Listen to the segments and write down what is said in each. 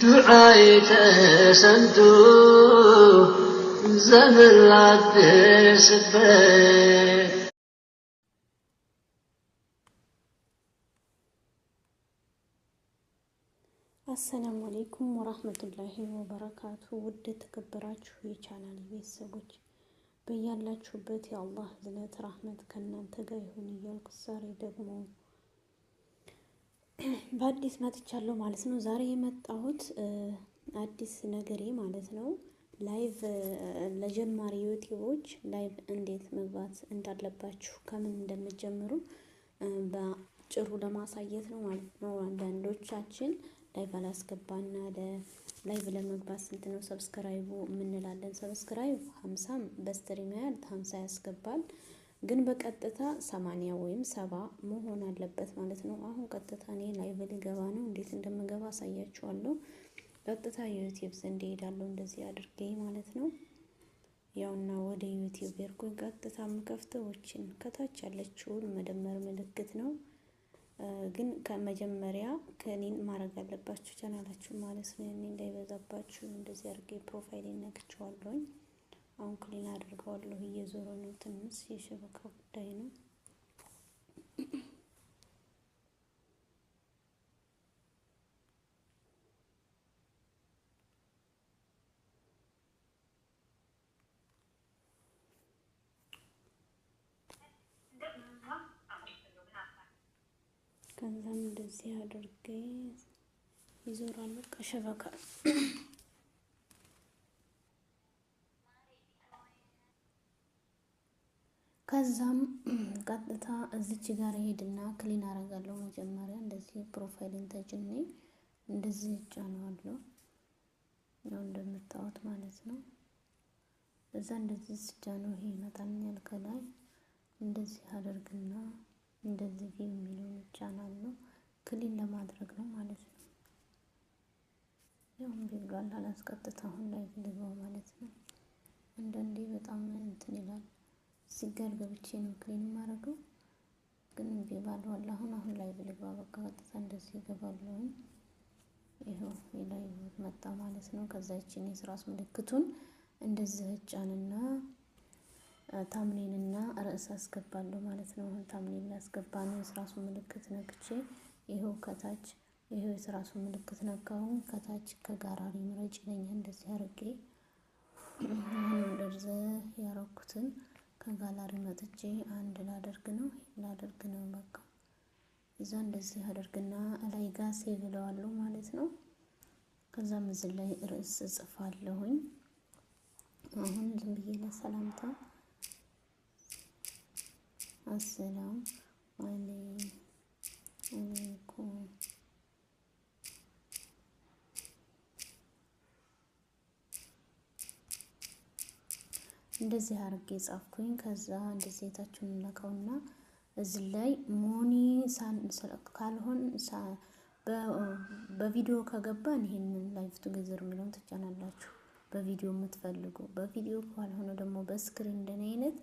ዱዓይ ተሰምቶ ዘምር አትስበት አሰላሙ አሌይኩም ወራህመቱላሂ ወበረካቱ። ውድ ተከበራችሁ የቻናል ቤተሰቦች በያላችሁበት የአላህ ዝነት ራህመት ከእናንተ ጋር ይሁን እያልኩ ዛሬ ደግሞ በአዲስ መጥቻለሁ ማለት ነው። ዛሬ የመጣሁት አዲስ ነገሬ ማለት ነው። ላይቭ ለጀማሪ ዩቲዩቦች ላይቭ እንዴት መግባት እንዳለባችሁ ከምን እንደምጀምሩ በጭሩ ለማሳየት ነው ማለት ነው። አንዳንዶቻችን ላይቭ አላስገባና ላይቭ ለመግባት ስንት ነው ሰብስክራይቡ የምንላለን። ሰብስክራይብ ሀምሳም በስትሪም ያህል ሀምሳ ያስገባል ግን በቀጥታ ሰማንያ ወይም ሰባ መሆን አለበት ማለት ነው። አሁን ቀጥታ እኔ ላይቭ ልገባ ነው። እንዴት እንደምገባ አሳያችኋለሁ። ቀጥታ ዩቲዩብ ዘንድ እሄዳለሁ። እንደዚህ አድርጌ ማለት ነው። ያውና ወደ ዩቲዩብ ሄድኩኝ። ቀጥታ ምከፍተዎችን ከታች ያለችውን መደመር ምልክት ነው። ግን ከመጀመሪያ ከኔን ማድረግ ያለባችሁ ቻናላችሁ ማለት ነው። እኔ እንዳይበዛባችሁ እንደዚህ አድርጌ ፕሮፋይል ነክቸዋለሁኝ። አሁን ክሊን አድርገዋለሁ። እየዞረ ነው። ትንሽ የሸበካ ጉዳይ ነው። ከዛም እንደዚህ አድርጌ ይዞራሉ ቀሸበካ ከዛም ቀጥታ እዚች ጋር ሄድና ክሊን አረጋለሁ። መጀመሪያ እንደዚህ ፕሮፋይልን ተጭኔ እንደዚህ እጫነዋለሁ። ያው እንደምታዩት ማለት ነው። እዛ እንደዚህ ስጫነው ይሄ ይመጣልኛል። ከላይ እንደዚህ አደርግና እንደዚህ የሚለውን እጫናለሁ። ክሊን ለማድረግ ነው ማለት ነው። ያው እምቢ ብሏል፣ አላስቀጥታ አሁን ላይ ልገባው ማለት ነው። አንዳንዴ በጣም እንትን ይላል። ሲጋር ገብቼ ነው ክሊን የማደርገው። ግን እምቢ ባለው አለ። አሁን አሁን ላይ ብልግባ በቃ ቀጥታ እንደዚህ ይገባለሁኝ። ይኸው ላይ መጣ ማለት ነው። ከዛ ይችን የስራስ ምልክቱን እንደዚህ እጫንና ታምኔንና ርዕስ አስገባለሁ ማለት ነው። አሁን ታምኔን ላስገባ ነው። የስራሱ ምልክት ነክቼ ይኸው ከታች ይሄው የስራሱ ምልክት ነካሁን። ከታች ከጋራሪ ምረጭ ይለኛል። እንደዚህ አርጌ አሁን እንደዚህ ያረኩትን ከጋላሪ መጥቼ አንድ ላደርግ ነው ላደርግ ነው በቃ እዛ እንደዚህ አደርግና ላይ ጋ ሴቭ እለዋለሁ ማለት ነው። ከዛ እዚህ ላይ ርዕስ እጽፋለሁኝ። አሁን ዝም ብዬ ለሰላምታ አሰላም አለይኩም እንደዚህ አርጌ ጻፍኩኝ። ከዛ እንደዚህ የታችሁን እንለካውና እዚ ላይ ሞኒ ካልሆን በቪዲዮ ከገባን ይሄንን ላይፍ ቱጌዘር የሚለውን ትጫናላችሁ። በቪዲዮ የምትፈልጉ በቪዲዮ ካልሆነ ደግሞ በስክሪን እንደኔ አይነት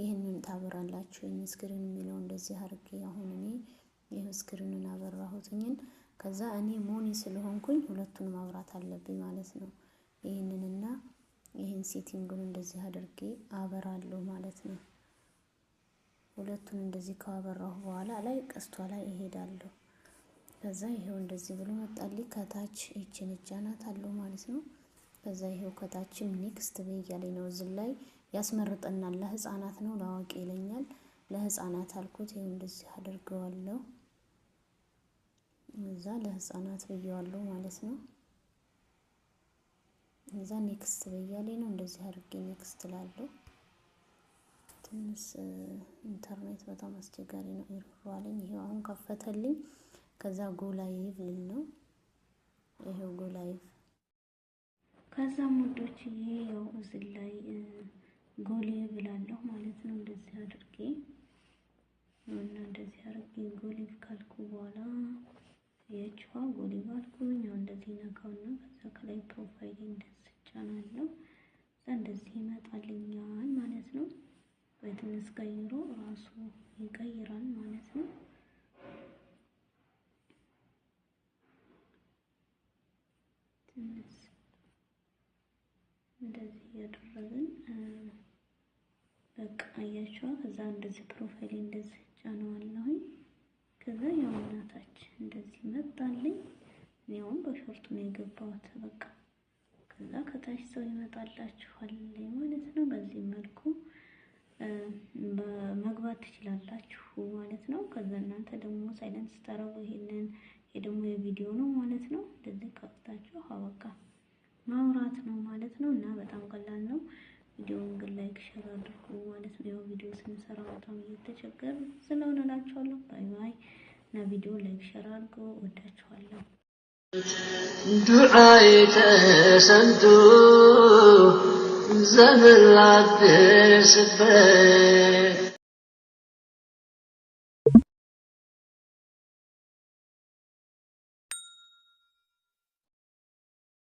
ይህንን ታበራላችሁ። ይህን ስክሪን የሚለው እንደዚህ አርጌ አሁን እኔ ይህ ስክሪኑን አበራሁትኝን። ከዛ እኔ ሞኒ ስለሆንኩኝ ሁለቱን ማብራት አለብኝ ማለት ነው ይህንንና ይህን ሴቲንግን እንደዚህ አድርጌ አበራለሁ ማለት ነው። ሁለቱን እንደዚህ ካበራሁ በኋላ ላይ ቀስቷ ላይ ይሄዳለሁ። ከዛ ይሄው እንደዚህ ብሎ መጣልኝ። ከታች ይችን እጃናት አለው ማለት ነው። ከዛ ይሄው ከታችም ኔክስት እያለኝ ነው። እዚህ ላይ ያስመርጠናል። ለህፃናት ነው ለአዋቂ ይለኛል። ለህፃናት አልኩት። ይሄው እንደዚህ አድርገዋለሁ። እዛ ለህፃናት ብየዋለሁ ማለት ነው። እዛ ኔክስት በያሌ ነው እንደዚህ አድርጌ ኔክስት ላለው። ትንሽ ኢንተርኔት በጣም አስቸጋሪ ነው ይርዋለኝ። ይሄው አሁን ከፈተልኝ። ከዛ ጎላይቭ ልል ነው። ይሄው ጎላይቭ። ከዛም ወዶች ይሄው እዚህ ላይ ጎሊቭ እላለሁ ማለት ነው። እንደዚህ አድርጌ እና እንደዚህ አድርጌ ጎሊቭ ካልኩ በኋላ የእጅዋ ጎሊባ አልኩኝ። እንደዚህ ነካውና ከዛ ከላይ ፕሮፋይል እንደዚህ ጫናለው። ከዛ እንደዚህ ይመጣልኛል ማለት ነው። በትንሽ ቀይሮ ራሱ ይቀይራል ማለት ነው። ትንሽ እንደዚህ እያደረግን በቃ አያችዋ። ከዛ እንደዚህ ፕሮፋይል እንደዚህ ጫነዋለሁኝ። ከዛ ያው እናታች እንደዚህ መጣልኝ። እኔውም በሾርቱ ነው የገባሁት። በቃ ከዛ ከታች ሰው ይመጣላችኋል ማለት ነው። በዚህ መልኩ መግባት ትችላላችሁ ማለት ነው። ከዛ እናንተ ደግሞ ሳይለንስ ስታረጉ ይሄንን የደግሞ የቪዲዮ ነው ማለት ነው። እንደዚህ ከፍታችሁ አበቃ ማውራት ነው ማለት ነው እና በጣም ቀላል ነው። ቪዲዮውን ግን ላይክ ሼር አድርጉ ማለት ነው። ያው ቪዲዮ ስንሰራ በጣም እየተቸገረ ስለሆነ ናቸዋለሁ። ባይ ባይ እና ቪዲዮ ላይክ ሼር አድርጉ። ወዳችኋለሁ። ዱዓይ ተሰምቶ ዘመን ላደርስበት